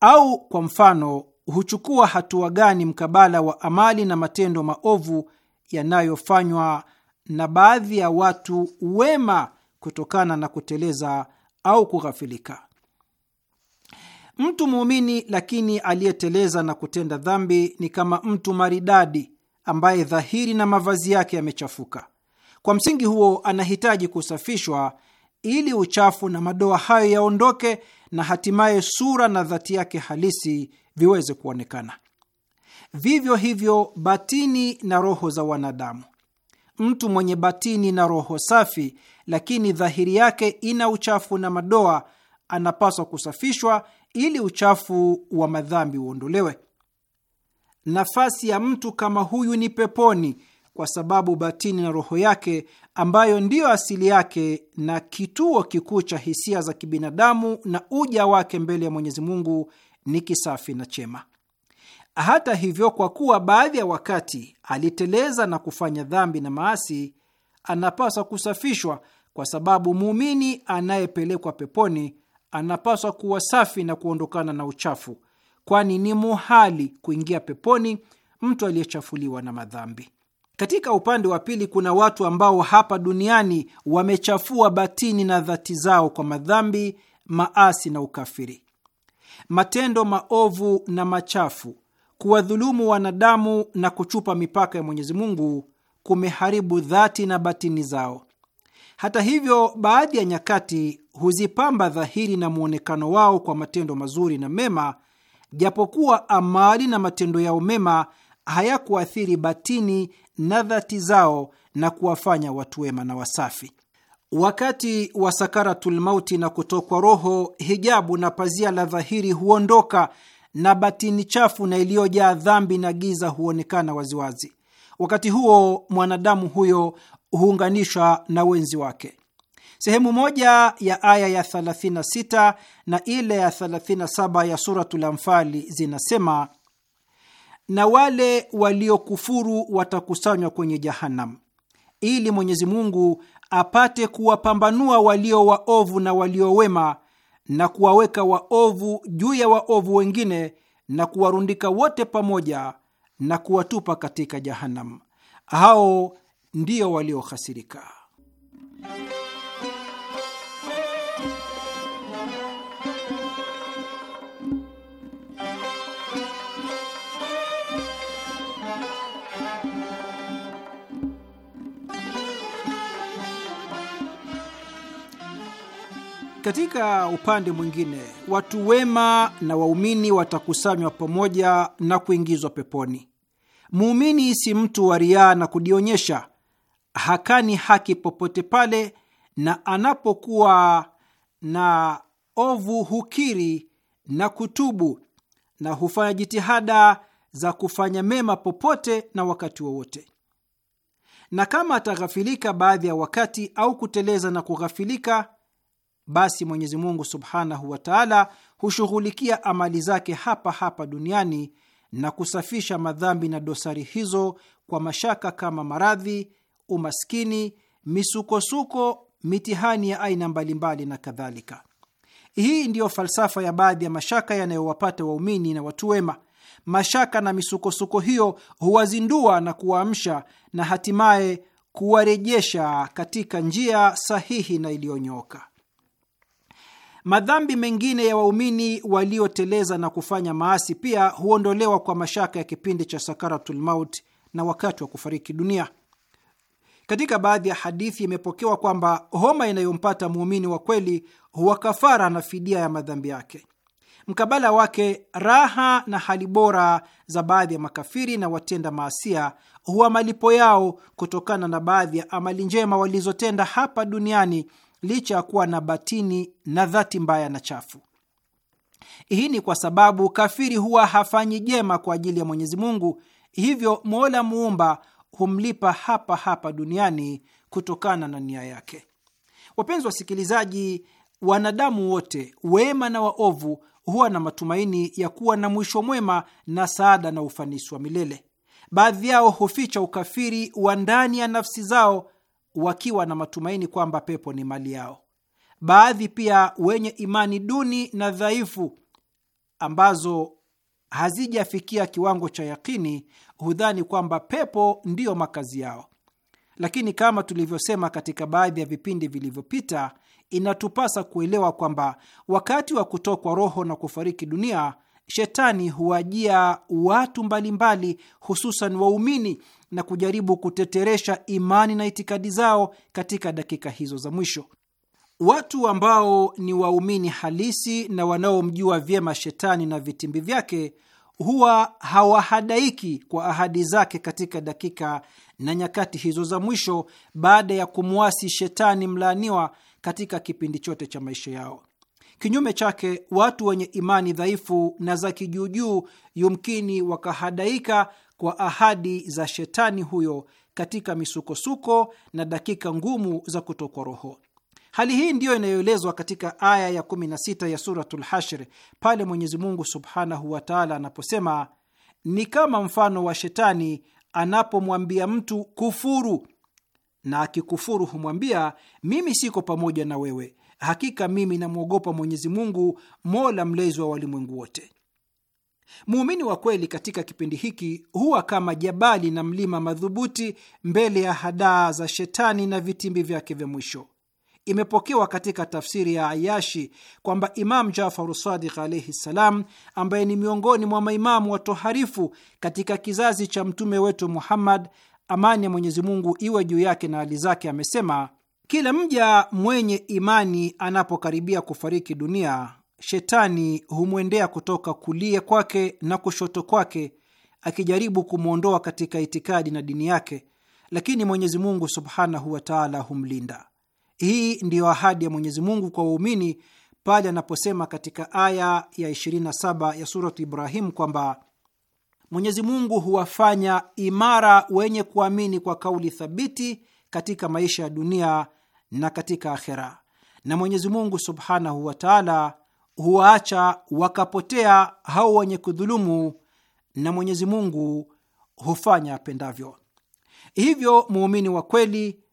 au kwa mfano huchukua hatua gani mkabala wa amali na matendo maovu yanayofanywa na baadhi ya watu wema kutokana na kuteleza au kughafilika. Mtu muumini lakini aliyeteleza na kutenda dhambi ni kama mtu maridadi ambaye dhahiri na mavazi yake yamechafuka. Kwa msingi huo, anahitaji kusafishwa ili uchafu na madoa hayo yaondoke na hatimaye sura na dhati yake halisi viweze kuonekana. Vivyo hivyo batini na roho za wanadamu. Mtu mwenye batini na roho safi, lakini dhahiri yake ina uchafu na madoa anapaswa kusafishwa ili uchafu wa madhambi uondolewe. Nafasi ya mtu kama huyu ni peponi, kwa sababu batini na roho yake ambayo ndiyo asili yake na kituo kikuu cha hisia za kibinadamu na uja wake mbele ya Mwenyezi Mungu ni kisafi na chema. Hata hivyo, kwa kuwa baadhi ya wakati aliteleza na kufanya dhambi na maasi, anapaswa kusafishwa, kwa sababu muumini anayepelekwa peponi anapaswa kuwa safi na kuondokana na uchafu, kwani ni muhali kuingia peponi mtu aliyechafuliwa na madhambi. Katika upande wa pili, kuna watu ambao hapa duniani wamechafua batini na dhati zao kwa madhambi, maasi na ukafiri, matendo maovu na machafu, kuwadhulumu wanadamu na kuchupa mipaka ya Mwenyezi Mungu kumeharibu dhati na batini zao. Hata hivyo, baadhi ya nyakati huzipamba dhahiri na mwonekano wao kwa matendo mazuri na mema, japokuwa amali na matendo yao mema hayakuathiri batini na dhati zao na kuwafanya watu wema na wasafi. Wakati wa sakaratul mauti na kutokwa roho, hijabu na pazia la dhahiri huondoka na batini chafu na iliyojaa dhambi na giza huonekana waziwazi. Wakati huo mwanadamu huyo huunganishwa na wenzi wake. Sehemu moja ya aya ya 36 na ile ya 37 ya Suratul Anfali zinasema, na wale waliokufuru watakusanywa kwenye Jahannam ili Mwenyezi Mungu apate kuwapambanua walio waovu na waliowema na kuwaweka waovu juu ya waovu wengine na kuwarundika wote pamoja na kuwatupa katika Jahannam. Hao ndio waliohasirika. Katika upande mwingine, watu wema na waumini watakusanywa pamoja na kuingizwa peponi. Muumini si mtu wa riaa na kujionyesha, hakani haki popote pale, na anapokuwa na ovu hukiri na kutubu, na hufanya jitihada za kufanya mema popote na wakati wowote. Na kama ataghafilika baadhi ya wakati au kuteleza na kughafilika, basi Mwenyezi Mungu subhanahu wa taala hushughulikia amali zake hapa hapa duniani na kusafisha madhambi na dosari hizo kwa mashaka kama maradhi umaskini, misukosuko, mitihani ya aina mbalimbali na kadhalika. Hii ndiyo falsafa ya baadhi ya mashaka yanayowapata waumini na watu wema. Mashaka na misukosuko hiyo huwazindua na kuwaamsha na hatimaye kuwarejesha katika njia sahihi na iliyonyooka. Madhambi mengine ya waumini walioteleza na kufanya maasi pia huondolewa kwa mashaka ya kipindi cha sakaratul maut na wakati wa kufariki dunia. Katika baadhi ya hadithi imepokewa kwamba homa inayompata muumini wa kweli huwa kafara na fidia ya madhambi yake. Mkabala wake, raha na hali bora za baadhi ya makafiri na watenda maasia huwa malipo yao kutokana na baadhi ya amali njema walizotenda hapa duniani, licha ya kuwa na batini na dhati mbaya na chafu. Hii ni kwa sababu kafiri huwa hafanyi jema kwa ajili ya Mwenyezi Mungu, hivyo Mola muumba humlipa hapa hapa duniani kutokana na nia yake. Wapenzi wasikilizaji, wanadamu wote wema na waovu huwa na matumaini ya kuwa na mwisho mwema na saada na ufanisi wa milele. Baadhi yao huficha ukafiri wa ndani ya nafsi zao wakiwa na matumaini kwamba pepo ni mali yao. Baadhi pia wenye imani duni na dhaifu ambazo hazijafikia kiwango cha yakini, hudhani kwamba pepo ndiyo makazi yao. Lakini kama tulivyosema katika baadhi ya vipindi vilivyopita, inatupasa kuelewa kwamba wakati wa kutokwa roho na kufariki dunia, shetani huwajia watu mbalimbali, hususan waumini na kujaribu kuteteresha imani na itikadi zao katika dakika hizo za mwisho. Watu ambao ni waumini halisi na wanaomjua vyema shetani na vitimbi vyake huwa hawahadaiki kwa ahadi zake katika dakika na nyakati hizo za mwisho, baada ya kumwasi shetani mlaaniwa katika kipindi chote cha maisha yao. Kinyume chake, watu wenye imani dhaifu na za kijuujuu yumkini wakahadaika kwa ahadi za shetani huyo katika misukosuko na dakika ngumu za kutokwa roho. Hali hii ndiyo inayoelezwa katika aya ya 16 ya Suratul Hashr pale Mwenyezi Mungu subhanahu wa taala anaposema, ni kama mfano wa shetani anapomwambia mtu kufuru, na akikufuru humwambia mimi siko pamoja na wewe, hakika mimi namwogopa Mwenyezi Mungu, mola mlezi wa walimwengu wote. Muumini wa kweli katika kipindi hiki huwa kama jabali na mlima madhubuti mbele ya hadaa za shetani na vitimbi vyake vya mwisho. Imepokewa katika tafsiri ya Ayashi kwamba Imam Jafaru Sadiq alaihi ssalam, ambaye ni miongoni mwa maimamu watoharifu katika kizazi cha mtume wetu Muhammad, amani ya Mwenyezi Mungu iwe juu yake na hali zake, amesema kila mja mwenye imani anapokaribia kufariki dunia, shetani humwendea kutoka kulia kwake na kushoto kwake, akijaribu kumwondoa katika itikadi na dini yake, lakini Mwenyezi Mungu subhanahu wa taala humlinda. Hii ndiyo ahadi ya Mwenyezi Mungu kwa waumini pale anaposema katika aya ya 27 ya suratu Ibrahim kwamba Mwenyezi Mungu huwafanya imara wenye kuamini kwa kauli thabiti katika maisha ya dunia na katika akhera, na Mwenyezi Mungu subhanahu wa taala huwaacha wakapotea hao wenye kudhulumu, na Mwenyezi Mungu hufanya apendavyo. Hivyo muumini wa kweli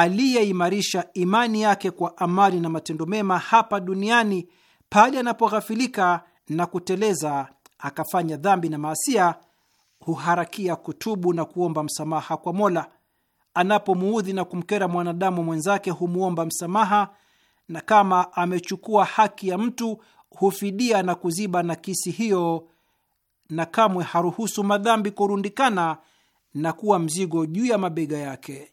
aliyeimarisha imani yake kwa amali na matendo mema hapa duniani, pale anapoghafilika na kuteleza akafanya dhambi na maasia, huharakia kutubu na kuomba msamaha kwa Mola. Anapomuudhi na kumkera mwanadamu mwenzake, humuomba msamaha, na kama amechukua haki ya mtu hufidia na kuziba nakisi hiyo, na kamwe haruhusu madhambi kurundikana na kuwa mzigo juu ya mabega yake.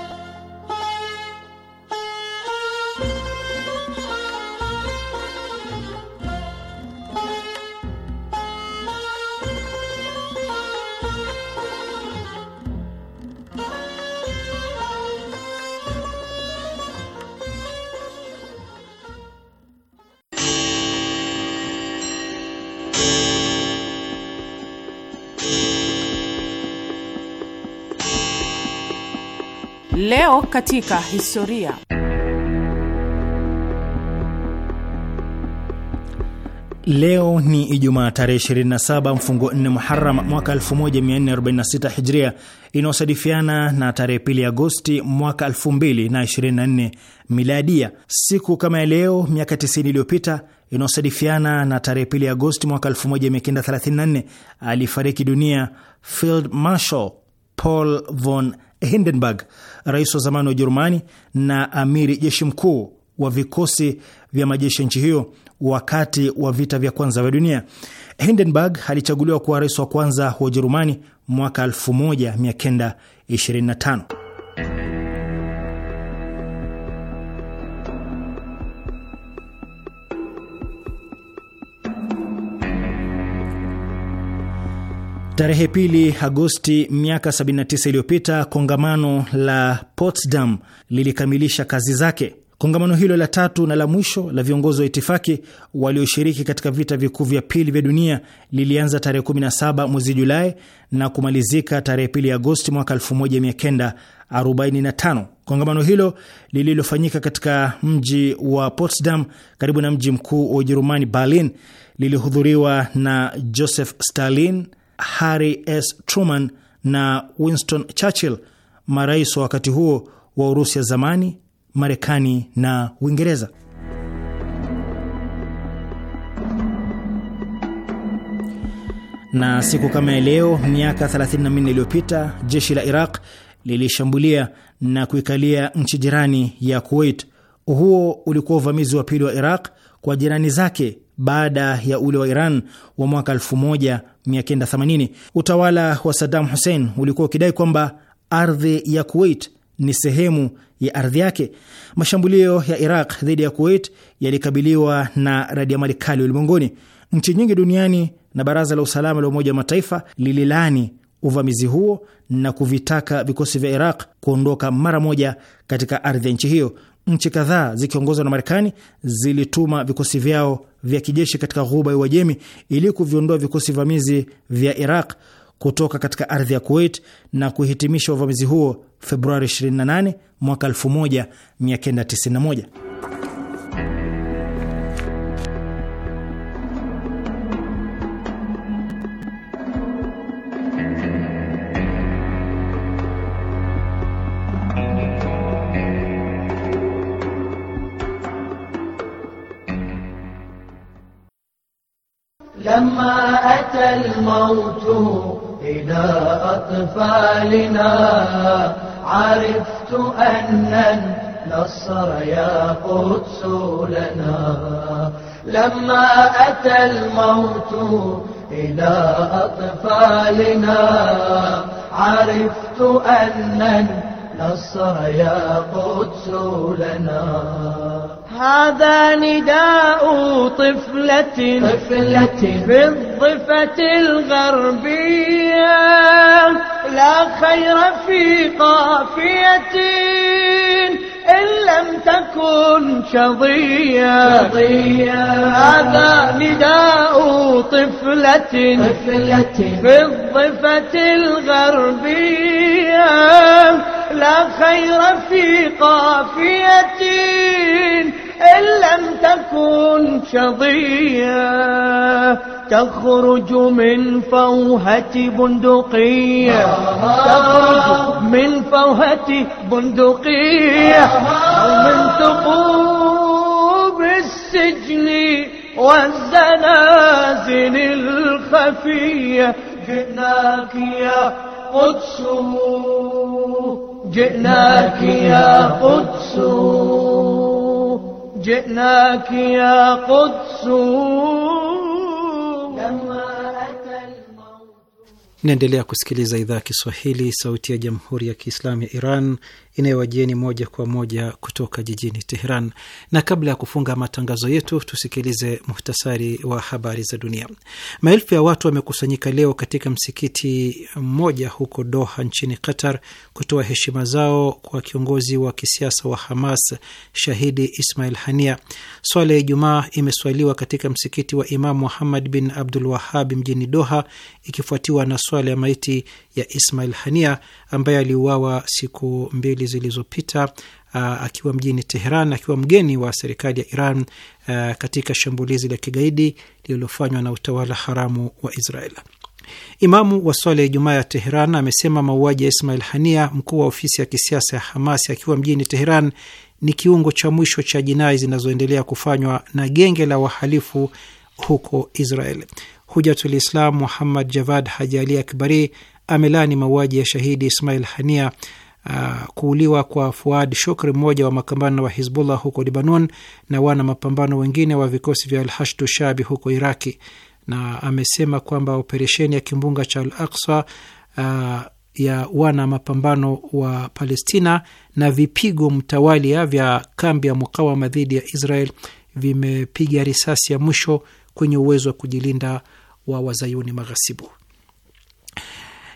Leo katika historia. Leo ni Ijumaa tarehe 27 mfungo 4 Muharam mwaka 1446 Hijria, inayosadifiana na tarehe pili Agosti mwaka 2024 Miladia. Siku kama ya leo miaka 90 iliyopita, inayosadifiana na tarehe pili Agosti mwaka 1934, alifariki dunia Field Marshal Paul von Hindenburg, rais wa zamani wa Ujerumani na amiri jeshi mkuu wa vikosi vya majeshi ya nchi hiyo wakati wa vita vya kwanza vya dunia. Hindenburg alichaguliwa kuwa rais wa kwanza wa Ujerumani mwaka 1925. Tarehe pili Agosti miaka 79 iliyopita kongamano la Potsdam lilikamilisha kazi zake. Kongamano hilo la tatu na la mwisho la viongozi wa itifaki walioshiriki katika vita vikuu vya pili vya dunia lilianza tarehe 17 mwezi Julai na kumalizika tarehe pili Agosti mwaka 1945. Kongamano hilo lililofanyika katika mji wa Potsdam karibu na mji mkuu wa Ujerumani Berlin lilihudhuriwa na Joseph Stalin Harry S Truman na Winston Churchill, marais wa wakati huo wa Urusi ya zamani, Marekani na Uingereza. Na siku kama ya leo miaka 34 iliyopita jeshi la Iraq lilishambulia na kuikalia nchi jirani ya Kuwait. Huo ulikuwa uvamizi wa pili wa Iraq kwa jirani zake baada ya ule wa Iran wa mwaka 1980. Utawala wa Saddam Hussein ulikuwa ukidai kwamba ardhi ya Kuwait ni sehemu ya ardhi yake. Mashambulio ya Iraq dhidi ya Kuwait yalikabiliwa na radiamali kali ulimwenguni. Nchi nyingi duniani na Baraza la Usalama la Umoja wa Mataifa lililani uvamizi huo na kuvitaka vikosi vya Iraq kuondoka mara moja katika ardhi ya nchi hiyo nchi kadhaa zikiongozwa na Marekani zilituma vikosi vyao vya kijeshi katika ghuba ya Uajemi ili kuviondoa vikosi vamizi vya Iraq kutoka katika ardhi ya Kuwait na kuhitimisha uvamizi huo Februari 28 mwaka 1991. أتى الموت إلى أطفالنا عرفت أن النصر يا قدس لنا لما أتى الموت إلى أطفالنا عرفت أن النصر يا قدس لنا هذا نداء طفلة في الضفة الغربية لا خير في قافية إن لم تكن شظية, هذا نداء طفلة في الضفة الغربية لا خير في قافية إن لم تكن شظية تخرج من فوهة بندقية تخرج من فوهة بندقية من ثقوب السجن والزنازل الخفية جئناك يا قدس جئناك يا قدس جئناك يا قدس naendelea kusikiliza idhaa ya Kiswahili, sauti ya jamhuri ya kiislamu ya Iran inayowajieni moja kwa moja kutoka jijini Teheran. Na kabla ya kufunga matangazo yetu, tusikilize muhtasari wa habari za dunia. Maelfu ya watu wamekusanyika leo katika msikiti mmoja huko Doha nchini Qatar kutoa heshima zao kwa kiongozi wa kisiasa wa Hamas shahidi Ismail Hania. Swala ya Ijumaa imeswaliwa katika msikiti wa Imam Muhammad bin Abdul Wahab mjini Doha, ikifuatiwa na swala ya maiti ya Ismail Hania ambaye aliuawa siku mbili zilizopita uh, akiwa mjini Teheran akiwa mgeni wa serikali ya Iran uh, katika shambulizi la kigaidi lililofanywa na utawala haramu wa Israel. Imamu wa swala ya Ijumaa ya Teheran amesema mauaji ya Ismail Hania, mkuu wa ofisi ya kisiasa ya Hamas akiwa mjini Teheran, ni kiungo cha mwisho cha jinai zinazoendelea kufanywa na genge la wahalifu huko Israel hujatulislam Muhammad Javad Hajali Akbari amelani mauaji ya shahidi Ismail Hania, uh, kuuliwa kwa Fuad Shukri, mmoja wa mapambano wa Hizbullah huko Libanon na wana mapambano wengine wa vikosi vya Alhashdu Shabi huko Iraki, na amesema kwamba operesheni ya kimbunga cha Al Aksa uh, ya wana mapambano wa Palestina na vipigo mtawalia vya kambi ya mukawama dhidi ya Israel vimepiga risasi ya mwisho kwenye uwezo wa kujilinda wa wazayuni maghasibu.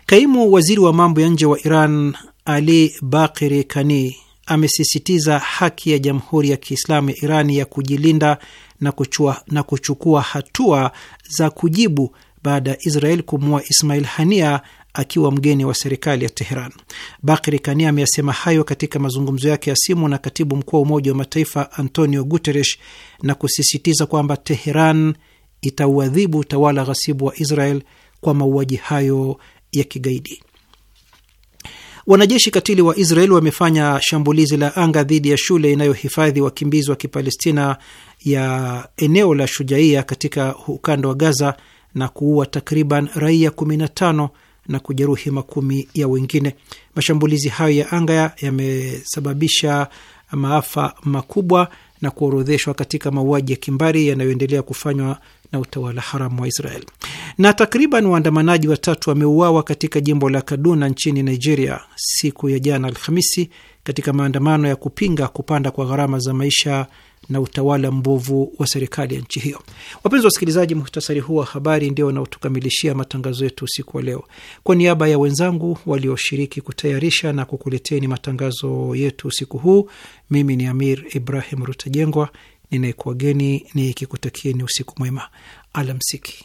Kaimu waziri wa mambo ya nje wa Iran Ali Bakiri Kani amesisitiza haki ya Jamhuri ya Kiislamu ya Iran ya kujilinda na, kuchua, na kuchukua hatua za kujibu baada ya Israel kumua Ismail Hania akiwa mgeni wa serikali ya Teheran. Bakri Kani ameyasema hayo katika mazungumzo yake ya simu na katibu mkuu wa Umoja wa Mataifa Antonio Guterres na kusisitiza kwamba Teheran itauadhibu utawala ghasibu wa Israel kwa mauaji hayo ya kigaidi. Wanajeshi katili wa Israel wamefanya shambulizi la anga dhidi ya shule inayohifadhi wakimbizi wa Kipalestina ya eneo la Shujaia katika ukanda wa Gaza na kuua takriban raia 15 na kujeruhi makumi ya wengine. Mashambulizi hayo ya anga yamesababisha maafa makubwa na kuorodheshwa katika mauaji ya kimbari yanayoendelea kufanywa na utawala haramu wa Israel. Na takriban waandamanaji watatu wameuawa katika jimbo la Kaduna nchini Nigeria siku ya jana Alhamisi, katika maandamano ya kupinga kupanda kwa gharama za maisha na utawala mbovu wa serikali ya nchi hiyo. Wapenzi wa wasikilizaji, muhtasari huu wa habari ndio wanaotukamilishia matangazo yetu usiku wa leo. Kwa niaba ya wenzangu walioshiriki kutayarisha na kukuleteni matangazo yetu usiku huu, mimi ni Amir Ibrahim Rutajengwa Ninayekuwageni nikikutakieni usiku mwema, alamsiki.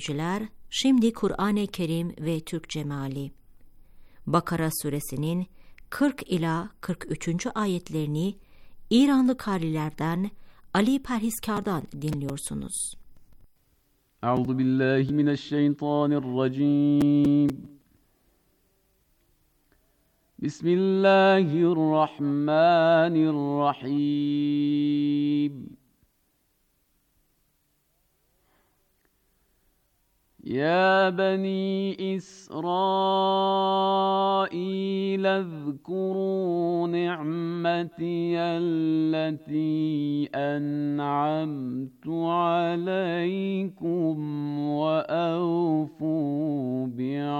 dinleyiciler, şimdi Kur'an-ı Kerim ve Türkçe meali. Bakara suresinin 40 ila 43. ayetlerini İranlı karilerden Ali Perhiskar'dan dinliyorsunuz. Euzu billahi mineşşeytanirracim. Bismillahirrahmanirrahim. يا بني إسرائيل اذكروا نعمتي التي أنعمت عليكم وأوفوا بعهدي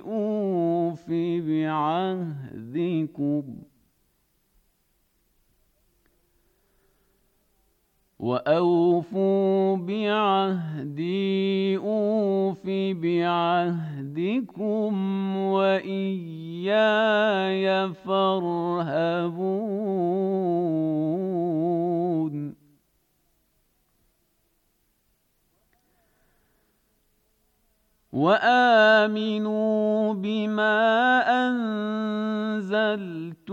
أوف بعهدكم وأوفوا بعهدي أوف بعهدكم وإياي فارهبون وآمنوا بما انزلتم